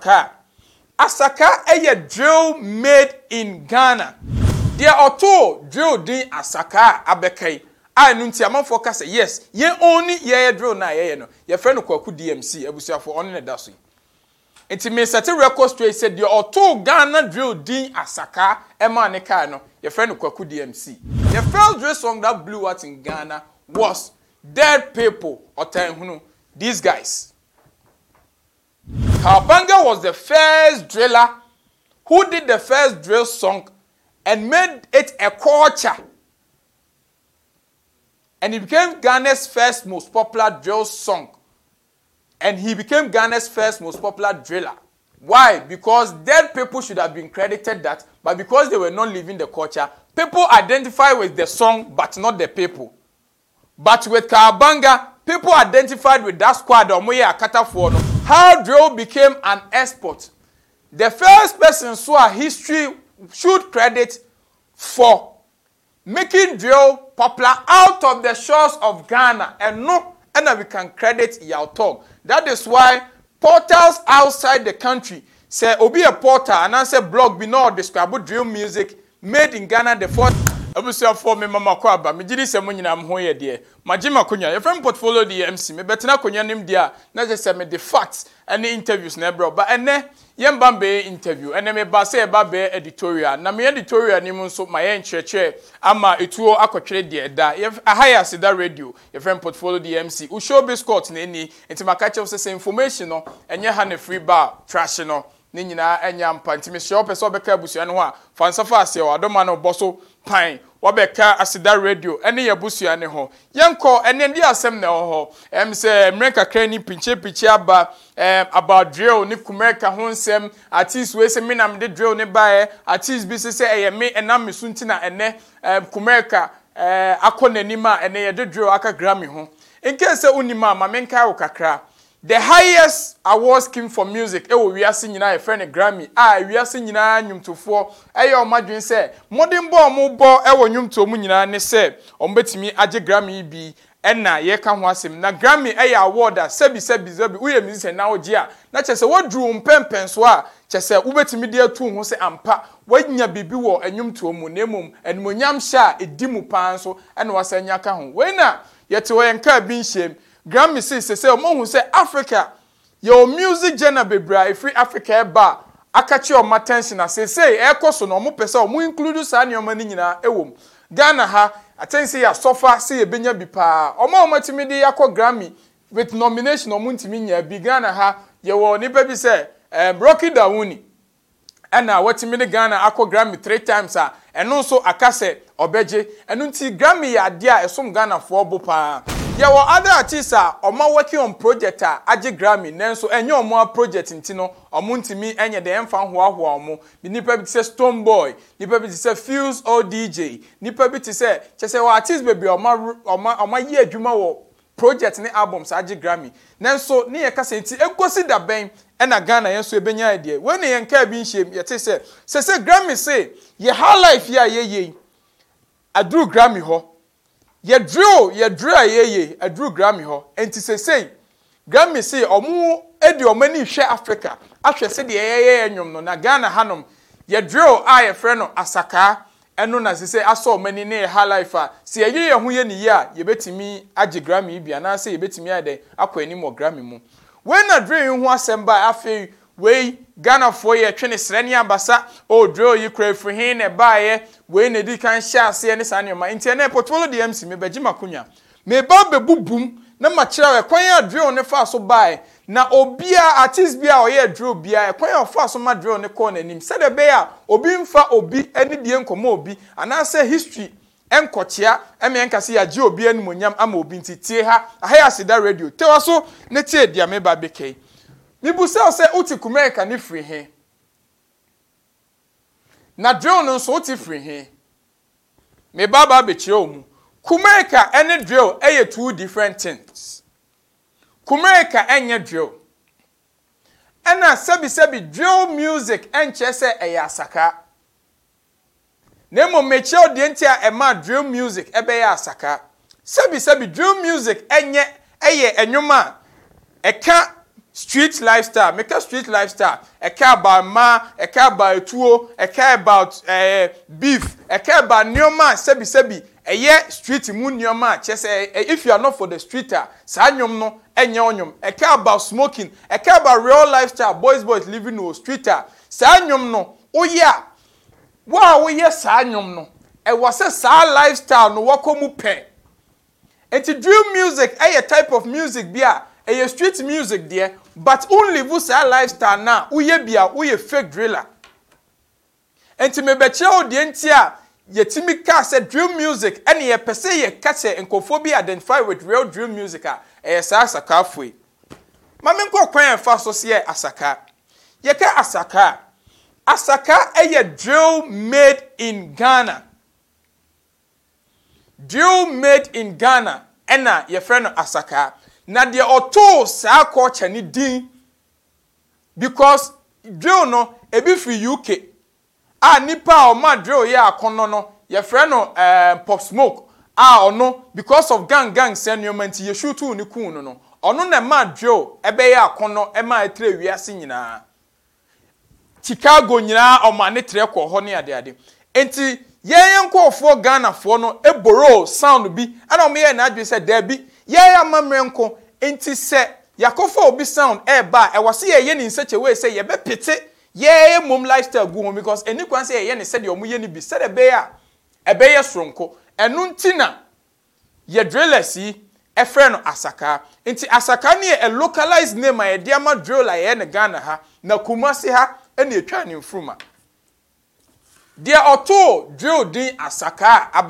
Asaka. Asaka ɛyɛ drill made in Ghana. Deɛ ɔtoo drill din Asaka abɛka yi a ɛnu nti amanfoɔ kasa yes yɛn own ni yɛyɛ drill na yɛyɛ no yɛfrɛ no Kwaku DMC abusuafoɔ ɔno na ɛda so yi. Nti mesɛte record straight sɛ deɛ ɔtoo Ghana drill din Asaka ɛmaa ne kaa no yɛfrɛ no Kwaku DMC. The first drill song that blew out in Ghana was Dead People ɔtɛn hunu these guys. Kabanga was the first driller who did the first drill song and made it a culture. And it became Ghana's first most popular drill song. And he became Ghana's first most popular driller. Why? Because dead people should have been credited that, but because they were not living the culture, people identify with the song but not the people. But with Kabanga, people identified with that squad or Moya Akata how drill became an export. The first person so our history should credit for making drill popular out of the shores of Ghana and no and we can credit Yautog. That is why portals outside the country say Obi a portal and I say blog be not describe drill music made in Ghana the first abusuafoɔ me mama kɔ aba megye di sɛ mo nyinaa mo ho yɛ deɛ magye ma yɛfrɛ m portfolio de mc mebɛtena akonnwa no m deɛ a na kyɛ sɛ mede fact ne interviews na ɛbrɛ ba ɛnɛ yɛmba mbɛyɛ interview ɛnɛ meba sɛ yɛba bɛyɛ editorial na meyɛ editorial no mu nso ma yɛ nkyerɛkyerɛ ama etuo akɔtwerɛ deɛ da aha yɛ da radio yɛfrɛ m portfolio de mc wohyɛ obi scott na ani nti maka kyɛw sɛ sɛ information no ɛnyɛ ha na firi ba a no ne nyinaa anya mpa nti mehyia wopɛ sɛ wobɛka abusua no ho a fa nsa fa aseɛ wɔ adɔma no bɔ so pan wabɛka aseda radio ne yɛ abusua ne ho yɛnkɔ ɛnɛ de asɛm na ɛwɔ hɔ ɛm sɛ mmerɛ kakra ni pikyepikyɛ aba ɛm about drill ne kumɛka ho nsɛm artist wei sɛ menam de drill ne baeɛ artist bi sɛ sɛ ɛyɛ me ɛnam me so nti na ɛnɛ ɛm kumɛka ɛɛ akɔ n'anim a ɛnɛ yɛde drill aka grammy ho nkɛ sɛ wonim a maame nkae wo kakra the highest award scheme for music ɛwɔ wiase nyinaa yɛfrɛ no grammy a wiase nyinaa nnwomtofoɔ ɛyɛ ɔmo adwene sɛ mmɔden bɔ ɔmo bɔ ɛwɔ nnwomtoɔ mu nyinaa ne sɛ ɔmo bɛtumi agye grammy yi bi ɛna yɛka ho asɛm na grammy ɛyɛ award a ah, sɛbisɛbi sɛbi woyɛ musician ah. na wogye a na kyerɛ sɛ woduru wo e mpɛmpɛn e so a kyerɛ sɛ wobɛtumi de atu ho sɛ ampa woanya biribi wɔ nnwomtoɔ mu na mmom animonyam hyɛ a ɛdi mu paa nso ɛna wasɛ nya ka ho wei na yɛte hɔ yɛn kaa bi nhyiam grammy sii sɛ sɛ ɔmo hu sɛ africa yɛwɔ music genre bebree a efiri africa ɛba a akakye ɔmo attention a seesei ɛkɔ so na ɔmo pɛ sɛ ɔmo include saa nneɛma no nyinaa ɛwɔ mu ghana ha atɛnse yɛ asɔfa sɛ ebenya bi paa ɔmo a ɔmo atumi de akɔ grammy with nomination ɔmo ntumi nya bi ghana ha yɛwɔ nipa bi sɛ ɛɛ um, rocky dawuni ɛna wɔtumi de ghana akɔ grammy three times a ɛno nso aka sɛ ɔbɛgye nti grammy yɛ adeɛ a ɛsom ghanafoɔ bo paa yɛwɔ other artists a ɔma working on project a agye grammy nanso ɛnyɛ ɔmo a project nti no ɔmo ntumi ɛnyɛ deɛ ɛmfa hoahoa ɔmo nipa bi te sɛ stone boy nipa bi te sɛ fuse or dj nipa bi te sɛ kyɛ sɛ wɔ artist beebi ɔma ɔma ɔma yɛ adwuma wɔ project ne albums agye grammy nanso ne yɛ kasa nti ekosi da bɛn ɛna ghana yɛn nso ebenya yɛ deɛ wɔn ne yɛn kaa bi nhyɛm yɛte sɛ sɛ grammy se yɛ high life yɛ a yɛyɛ yi aduru grammy hɔ. yɛduru yɛduru a yɛyɛ aduru grammy hɔ nti sesei grammy si ɔmo edi ɔmo ani hwɛ africa ahwɛ sɛdeɛ yɛyɛ ɛnwom no na ghana hanom yɛduru a yɛfrɛ no asakaa ɛno na sesei asɔ ɔmo ani ne yɛ high life a si yɛyɛ yɛn ho yɛ ne yie a yɛbɛtumi agye grammy bi anaasɛ yɛbɛtumi ayɛ dɛ akɔ anim wɔ grammy mu wɔn na duru yi ho asɛm ba afei. wei ghanafoɔ yɛ twene srɛne abasa ɔɔdwe oyi kora ɛfiri hin na ɛbaeɛ wei na ɛdi kan hyɛ aseɛ ne saa nneɛma nti ɛnɛ portfolio deɛ msi mebɛgye m'akonnwa meba bɛbu bum na makyerɛ ɛkwan a drill ne faa so baeɛ na obia artist bi a ɔyɛ drill bia ɛkwan a ɔfaa so ma drill ne kɔɔ n'anim sɛdeɛ ɛbɛyɛ a obi nfa obi ne deɛ nkɔmɔ obi anaasɛ history nkɔkyea ɛmɛ nkasi yagye obi animonyam ama obi nti tie ha ahayɛ aseda radio tewa so ne tie deɛ meba bɛkɛ yi mibusa sɛ wote kumerika ne firi he na drill no nso wote firi he meba baa bɛkyerɛ wo mu kumerika ne drill yɛ two different things kumerika nyɛ drill ɛna sɛbisɛbi drill music nkyɛ sɛ ɛyɛ asaka na mmom mekyerɛ deɛ nti a ɛma drill music ɛbɛyɛ asaka sɛbisɛbi drill music nyɛ ɛyɛ nnwom a ɛka street lifestyle make a street lifestyle ẹ care about ma. ẹ care about etuo ẹ care about ẹẹ eh, beef ẹ care about nneọma sẹbisẹbi ẹ yẹ street mu nneọma kyẹ ẹ if you are not for the street ah, a saa nnwom no ẹ nyẹ ọnwom ẹ care about smoking ẹ care about real lifestyle boys boys living wọ street ah. a saa nnwom no woyẹ a eh, wọ́n a woyẹ saa nnwom no ɛwɔ sɛ saa lifestyle no wɔkɔ mu pɛ nti drill music ɛyɛ eh, type of music bi a ɛyɛ street music deɛ but only wonlive saa lifestyle na woyɛ bia woyɛ fake driller nti mebɛkyerɛ wo deɛ nti a yɛtumi kaa sɛ drill music ɛne yɛpɛ sɛ yɛka kyɛ nkurɔfoɔ bi identify with real drill music ah, eh, a ɛyɛ saa asakaafo yi ma menkɔ kwan yɛmfa so so yɛ asaka yɛka asaka asaka ɛyɛ eh, drill made in ghana drill made in ghana ɛna yɛfrɛ no asaka na deɛ ɔtoo saa culture ne din because drill no ebi firi uk a nipa a ɔma drill yɛ akɔnɔ no yɛfrɛ no ɛɛ eh, pop smoke a ɔno because of gang gang sɛ nneɛma nti yɛsu tuu ne kuu no no ɔno na ɛma drill ɛbɛyɛ akɔnɔ ɛma ɛtire wiase nyinaa chicago nyinaa ɔma ne trɛ kɔ hɔ ne adeade nti yɛn nkɔɔfoɔ ghanafoɔ no eboro sound bi ɛna wɔn yɛ n'adwe sɛ dɛbi yɛn amammerɛ nko nti sɛ yakɔfo obi sound ɛɛba ɛwɔ sɛ yɛyɛ ne nsɛkyɛwee sɛ yɛbɛpete yɛyɛ mom lifestyle gu ho because ɛni kwan sɛ yɛyɛ ne sɛdeɛ ɔmo yɛ ne bi sɛdeɛ ɛbɛyɛ a ɛbɛyɛ soronko ɛno nti na yɛ drillers yi ɛfrɛ no asaka nti asaka no yɛ a localized name a yɛde ama drill a yɛyɛ ne ghana ha na kumasi ha ɛna etwa ne mfuruma deɛ ɔtoo drill din asaka a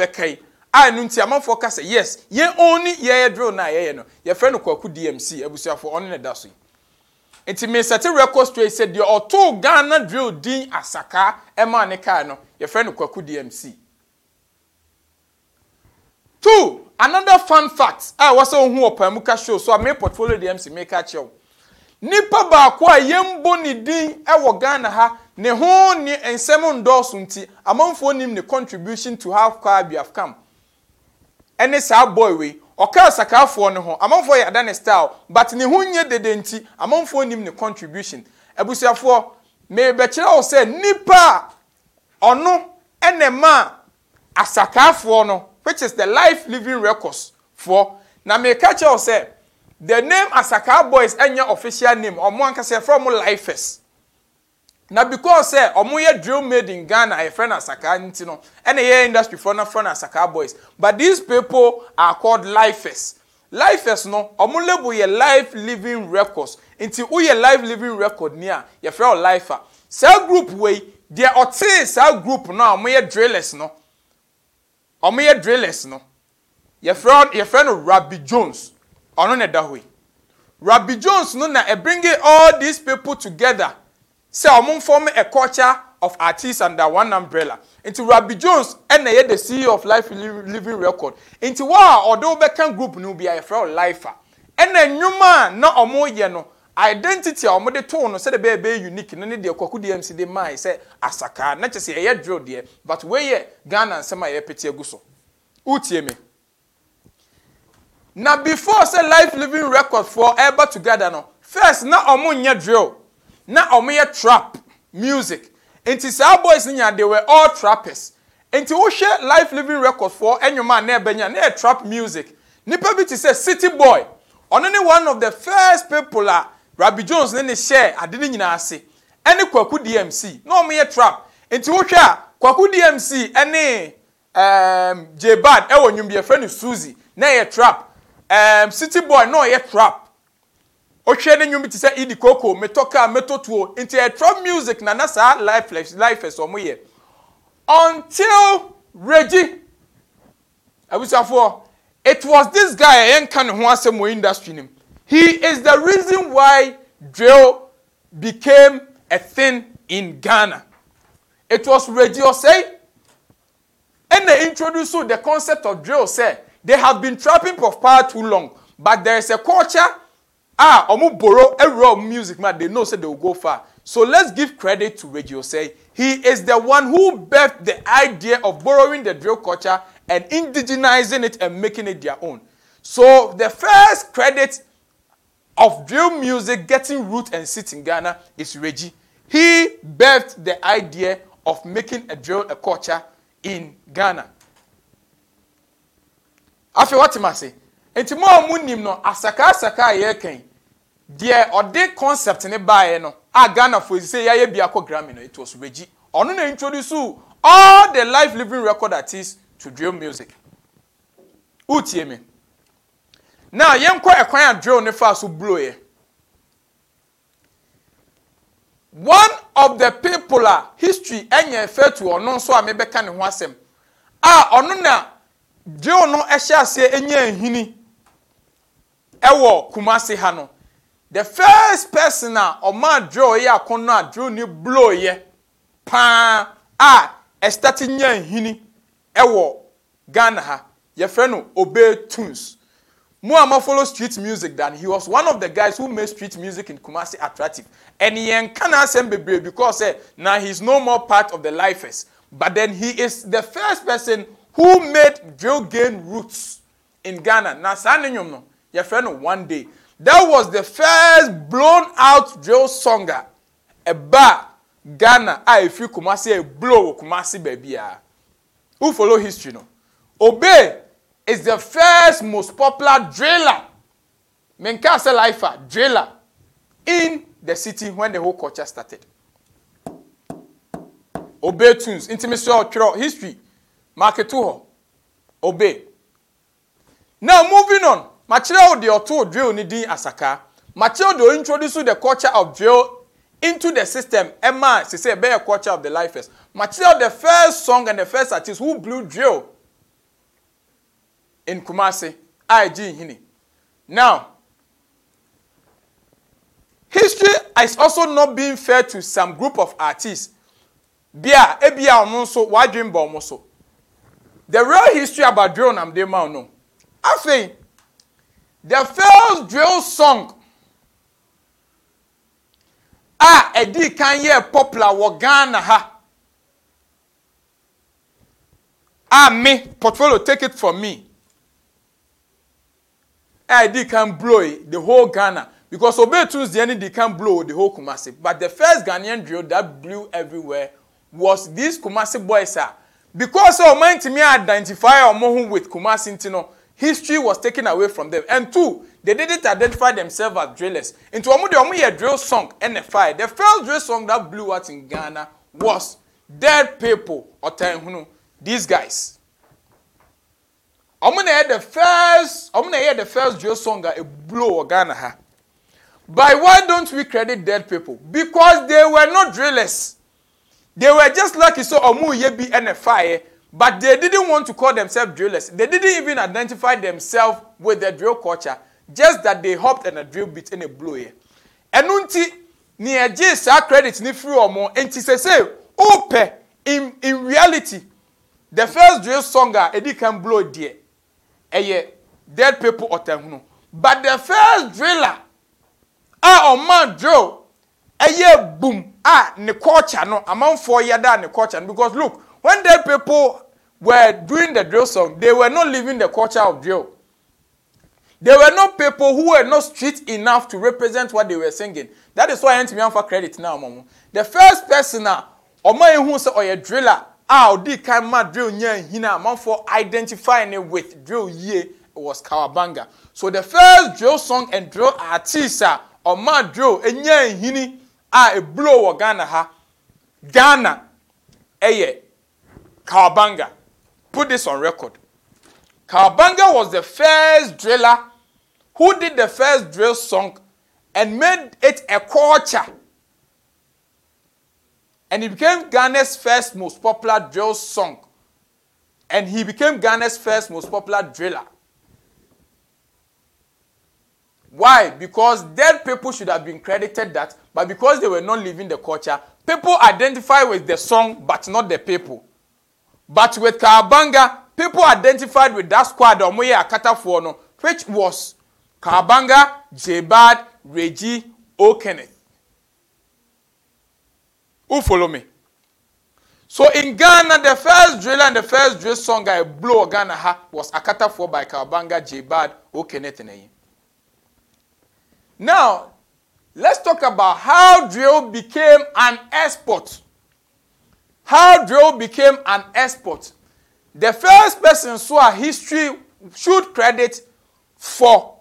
a ɛnu nti amanfoɔ kasa yes yɛn ɔni yɛyɛ drill na yɛyɛ no yɛfrɛ no kwaku dmc abusuafoɔ ɔno na ɛda so yi nti mesɛte record straight sɛ deɛ ɔtoo ghana drill din asaka ɛmaa ne kaa no yɛfrɛ no kwaku dmc two another fun fact a wɔsɛ ohun ɔpan mu ka show so a me portfolio dmc me ka kyerɛw nipa baako a yɛn bɔ ne din ɛwɔ ghana ha ne ho ne nsɛm ndɔɔso nti amanfoɔ nim ne contribution to half far bi have come. ɛne saa boy wei ɔkaa sakaafoɔ no ho amanfoɔ yɛ ada ne style but ne ho nye dede nti amanfoɔ nim ne contribution abusuafoɔ mebɛkyerɛ wo sɛ nipa a ɔno ɛna ma asakaafoɔ no which is the life living records foɔ na meka kyerɛ wo sɛ the name asakaa boys ɛnyɛ official name ɔmo ankasa yɛfrɛ ɔmo lifers na because sɛ ɔmo yɛ drill made in ghana yɛfrɛ no asaka nti no ɛna yɛ industry fo no frɛ no asaka boys but these people are called lifers lifers no ɔmo label yɛ life living records nti woyɛ life living record ni a yɛfrɛ o lifer saa group wei deɛ ɔtee saa group no a ɔmo yɛ drillers no ɔmo yɛ drillers no yɛfrɛ yɛfrɛ no rabbi jones ɔno na ɛda hɔ yi rabbi jones no na ɛbringe all these people together sɛ ɔmo form a culture of artists under one umbrella nti rabbi jones ɛna yɛ the ceo of life living record nti wɔn a ɔde wɔbɛka group no bi a yɛfrɛ wɔn lifer ɛna nnwuma a na ɔmo yɛ no identity a wɔde too no sɛde bɛyɛ bɛyɛ unique ne ne deɛ kwaku dmc de maa sɛ asaka na kyerɛ sɛ ɛyɛ drill deɛ but wɔyɛ ghana nsɛm a yɛpɛte agu so wotie mi na before sɛ life living record foɔ ɛreba together no first na ɔmo nyɛ drill na wɔn yɛ trap music nti saa boys ni nya they were all trappers nti wohwɛ life living records for ɛnyoma a na ɛbɛnya na yɛ e trap music nipa bi ti sɛ city boy ɔno ne one of the first people a rabi jones ne ne hyɛ ade ne nyinaa ase ɛne kwaku dmc na wɔn yɛ trap nti wohwɛ a kwaku dmc ɛne um, ehm, jbad ɛwɔ nnwom bi yɛfrɛ no suzy na ɛyɛ trap um, city boy na ɔyɛ trap ohwɛ ne nwom ti sɛ idi koko metɔ kaa metɔ tuo nti ɛtrɔ music na na saa lifeless lifeless ɔmo yɛ until regi abusuafoɔ it was this guy a yɛn ne ho asɛm wɔ industry nim he is the reason why drill became a thing in ghana it was regi ɔsɛe ɛna introduce the concept of drill sɛ they have been trapping for far too long but there is a culture ah ọmụ boro ewuro music man they know say they will go far so let's give credit to radio say he is the one who birthed the idea of borrowing the drill culture and indigenizing it and making it their own so the first credit of drill music getting root and seat in ghana is reggie he birthed the idea of making a drill a culture in ghana afei wate ma se nti mo a mo nim no asaka asaka a yɛrekɛn deɛ ɔde concept ne baeɛ no a ghanafoɔ esise yɛayɛ bi akɔ grammy no etu ɔso begyi ɔno na introduce all the life living record artist to drill music utie mi na yɛnkɔ ɛkwan a drill ne fa so blow one of the people a history ɛnyɛ fɛ to ɔno nso a mebɛka ne ho asɛm a ɔno na drill no ɛhyɛ aseɛ enye ehini ɛwɔ kumase ha no. the first person a ɔma draw yɛ akono a draw ne blow yɛ paa a ɛstati nya nhini ɛwɔ ghana ha yɛfrɛ no obey tunes mu ama follow street music dan he was one of the guys who made street music in kumasi attractive and yɛn kan asɛm bebree because eh, na he is no more part of the lifers but then he is the first person who made drill gain roots in ghana na saa ne nwom no yɛfrɛ no one day That was the first blown out drill songer ɛba Ghana a efi Kumasi a blow wɔ Kumasi baabi a ah. who follow history no Obey is the first most popular driller menka sɛ lifer driller in the city when the whole culture started Obey tunes ntumi sɛ history market to hɔ Obey now moving on. Material the deɛ ɔtoo drill ne din asaka material the deɛ o introduce the culture of drill into the system Emma, ɛma sise ɛbɛyɛ culture of the lifers makyerɛ wo the first song and the first artist who blew drill in Kumasi. a ɛgye now history is also not being fair to some group of artists bia ebi a ɔmo nso the real history about drill na mo de ma ɔno afei the first drill song a ɛdi kan yɛ popular wɔ ghana ha a me portfolio take it from me a ɛdi kan blow the whole ghana because obey tunes the enemy can blow the whole kumasi but the first ghanaian drill that blew everywhere was these kumasi boys ah because ɔmo oh, ntumi identify ɔmo ho with kumasi ntino. You know, history was taken away from them and two they didn't identify themselves as drillers Into wɔn de wɔn yɛ drill song ɛna fire the first drill song that blew out in ghana was dead people ɔtɛnhunu these guys wɔn na yɛ the first wɔn na yɛ the first drill song a eblow wɔ ghana ha by why don't we credit dead people because they were not drillers they were just lucky so wɔn yɛ bi ɛna fire. But they didn't want to call themselves drillers. They didn't even identify themselves with the drill culture, just that they hopped on a drill bit and a blow here. Ɛnu nti ni ɛgye saa credit ni firi ɔmo nti sese ɔɔpɛ in in reality the first drill songer, a edi kan blow deɛ ɛyɛ dead people ɔtɛnhunu but the first driller a ɔma drill ɛyɛ boom Ah ne culture no amanfoɔ yɛ yada ne culture because look when dead people were doing the drill song, they were not living the culture of drill. They were not people who were not street enough to represent what they were singing. That is why am for credit now, Mamu. The first person, ọmọ ah, ehun sẹ ọyẹ oh, driller a ọdi kan ma drill yẹn hin a for identifying it with drill yie was Kawabanga. So the first drill song and drill artist a ah, ọma drill yẹn hin a eburo wọ Ghana ha. Ghana ẹyẹ. Eh, yeah. Kabanga, Put this on record. Kabanga was the first driller who did the first drill song and made it a culture. And it became Ghana's first most popular drill song. And he became Ghana's first most popular driller. Why? Because dead people should have been credited that, but because they were not living the culture, people identify with the song but not the people. But with Kabanga, people identified with that squad ọmọ yẹ akatafoɔ no which was Kabanga, Jebad, Reggie, O'Kenneth. Who follow me? So in Ghana, the first drill and the first drill song I blow Ghana ha was Akatafoɔ by Kabanga, Jebad, O'Kenneth and Now, let's talk about how drill became an export how drill became an export. The first person so our history should credit for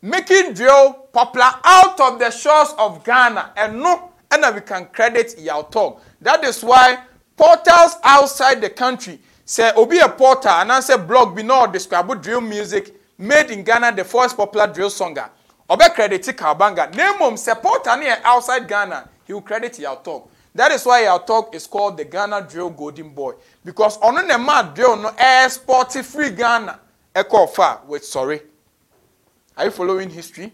making drill popular out of the shores of Ghana and no and we can credit your talk. That is why portals outside the country say obi a portal and I say blog be not describe drill music made in Ghana the first popular drill songer. Obe credit Kabanga. Name him say portal near outside Ghana. He will credit your talk that is why our talk is called the ghana drill golden boy because ọ̀nà nà ma drill no export free ghana ẹ̀kọ́ ọ̀fà wait sorry are you following history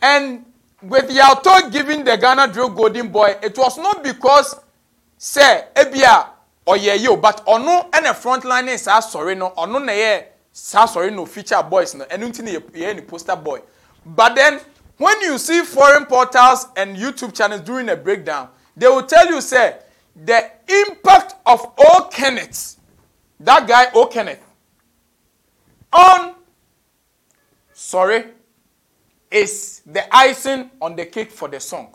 and with our talk giving the ghana drill golden boy it was not because sẹ ebi a ọyẹ yìí but ọ̀nà ẹ̀na frontline ẹ̀ sá sọ̀rọ̀ no ọ̀nà nà yẹ sá sọ̀rọ̀ no feature boys no ẹnu ti na yẹ yẹ poster boy but then. When you see foreign portals and YouTube channels doing a breakdown, they will tell you, say, the impact of O. Kenneth, that guy O. Kenneth, on, sorry, is the icing on the cake for the song.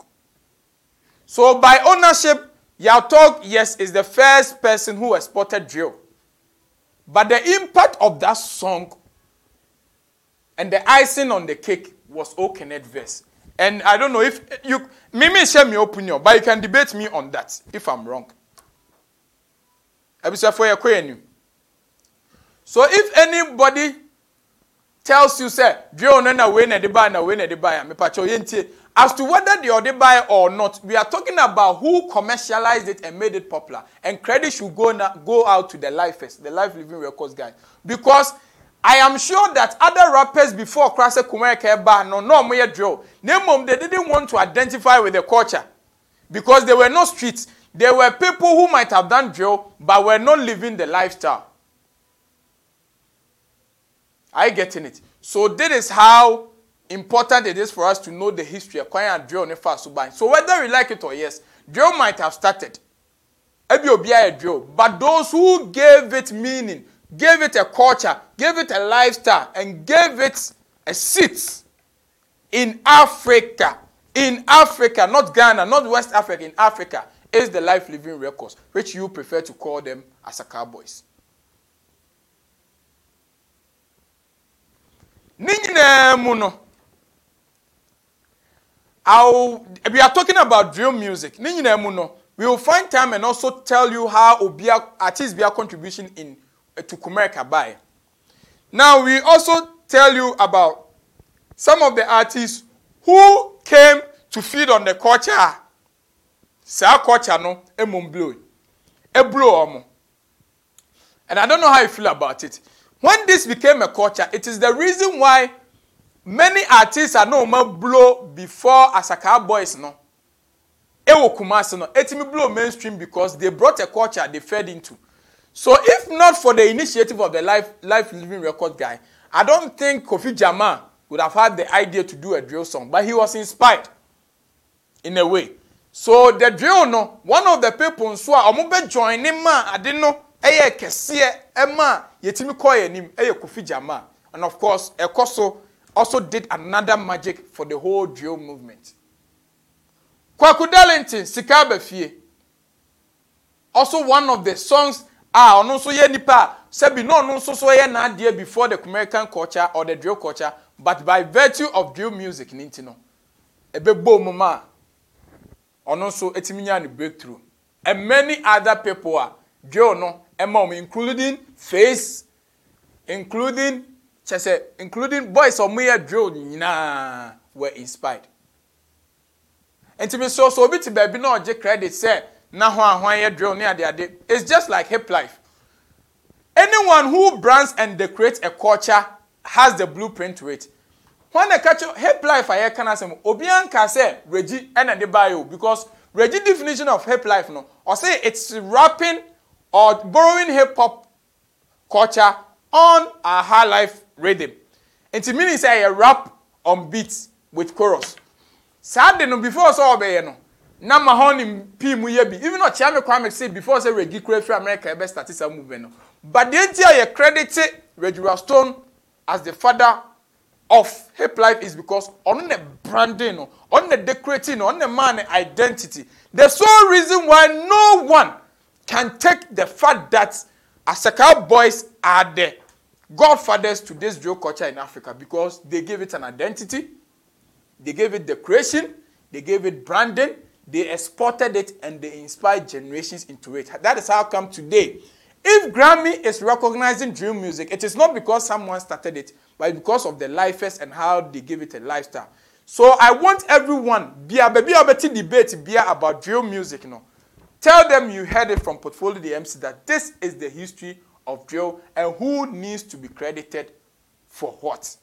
So by ownership, Yautog, yes, is the first person who exported drill. But the impact of that song and the icing on the cake was Okenet verse. And I don't know if you, Mimi share my opinion, but you can debate me on that if I'm wrong. So if anybody tells you, say, Joe, na way na de na way na de buy, me pacho yentie. As to whether they are buy or not, we are talking about who commercialized it and made it popular. And credit should go, na, go out to the lifers, the life living records guys. Because I am sure that other rappers before Krasa Kumereke Ba no no more drill. Name they didn't want to identify with the culture because they were not streets. There were people who might have done drill but were not living the lifestyle. Are you getting it? So this is how important it is for us to know the history of Kwanya drill and Fasuban. So whether we like it or yes, drill might have started. Ebi obi drill, but those who gave it meaning gave it a culture, gave it a lifestyle, and gave it a seat in Africa. In Africa, not Ghana, not West Africa, in Africa is the life living records, which you prefer to call them as a cowboys. I'll, we are talking about drill music we will find time and also tell you how Obia artist's contribution in to Kumerka by. Now, we also tell you about some of the artists who came to feed on the culture. Saa culture no, emum blow. E blow omo. And I don't know how you feel about it. When this became a culture, it is the reason why many artists are no more blow before Asaka boys no. Ewo Kumasi no. Etimi blow mainstream because they brought a culture they fed into. So if not for the initiative of the life life living record guy, I don't think Kofi Jama would have had the idea to do a drill song, but he was inspired in a way. So the drill no, one of the people nso a ọmọ bẹ join I didn't know, no ɛyɛ kɛseɛ ɛma yɛtumi kɔ yɛ nim ɛyɛ Kofi Jama and of course ɛkɔ so also did another magic for the whole drill movement. Kwaku Darlington sika abɛfie also one of the songs a ɔno nso yɛ nipa a sɛbi na ɔno nso so yɛ n'adeɛ before the american culture or the drill culture but by virtue of drill music ne ti no ɛbɛbɔ mu ma a ɔno nso etimi nya ne breakthrough and many other people a drill no ɛma wɔn including face including kyɛsɛ including boys a wɔn yɛ drill nyinaa were inspired ntumi nso so obi ti baabi na ɔgye credit sɛ na ho drill ne ade ade it's just like hip life anyone who brands and decorates a culture has the blueprint to it wɔn na kakyɛ hip life I yɛka na asɛm kase Reggie sɛ regi ɛna because Reggie' definition of hip life no or say it's rapping or borrowing hip hop culture on a high life rhythm nti meaning sɛ ɛyɛ rap on beats with chorus saa no before saw ɔbɛyɛ no na ma hɔ ne pii mu yɛ bi even ɔkyea me kwame say before say regi kura firi america ɛbɛ start saa movement no but deɛ nti a yɛ credit regi rastone as the father of hip life is because ɔno na branding no ɔno na decorating no ɔno na man na identity the sole reason why no one can take the fact that asaka boys are the godfathers to this drill culture in africa because they gave it an identity they gave it decoration they gave it branding They exported it and they inspired generations into it. That is how come today, if Grammy is recognizing drill music, it is not because someone started it, but because of the lifers and how they give it a lifestyle. So I want everyone, be a baby debate be about drill music. You know. Tell them you heard it from Portfolio the MC that this is the history of drill and who needs to be credited for what.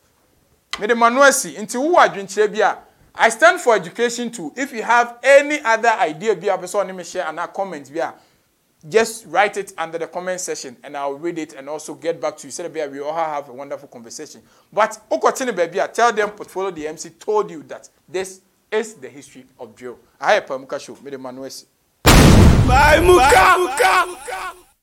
Mede Manuasi, into who are drinking I stand for education too. If you have any other idea, be a person me share and comment be just write it under the comment section and I'll read it and also get back to you. So that we all have a wonderful conversation. But Okotini baby, tell them portfolio the MC told you that this is the history of drill. I have Pamuka show. Made the manuesi. Bye, Muka! Bye, Muka! Muka!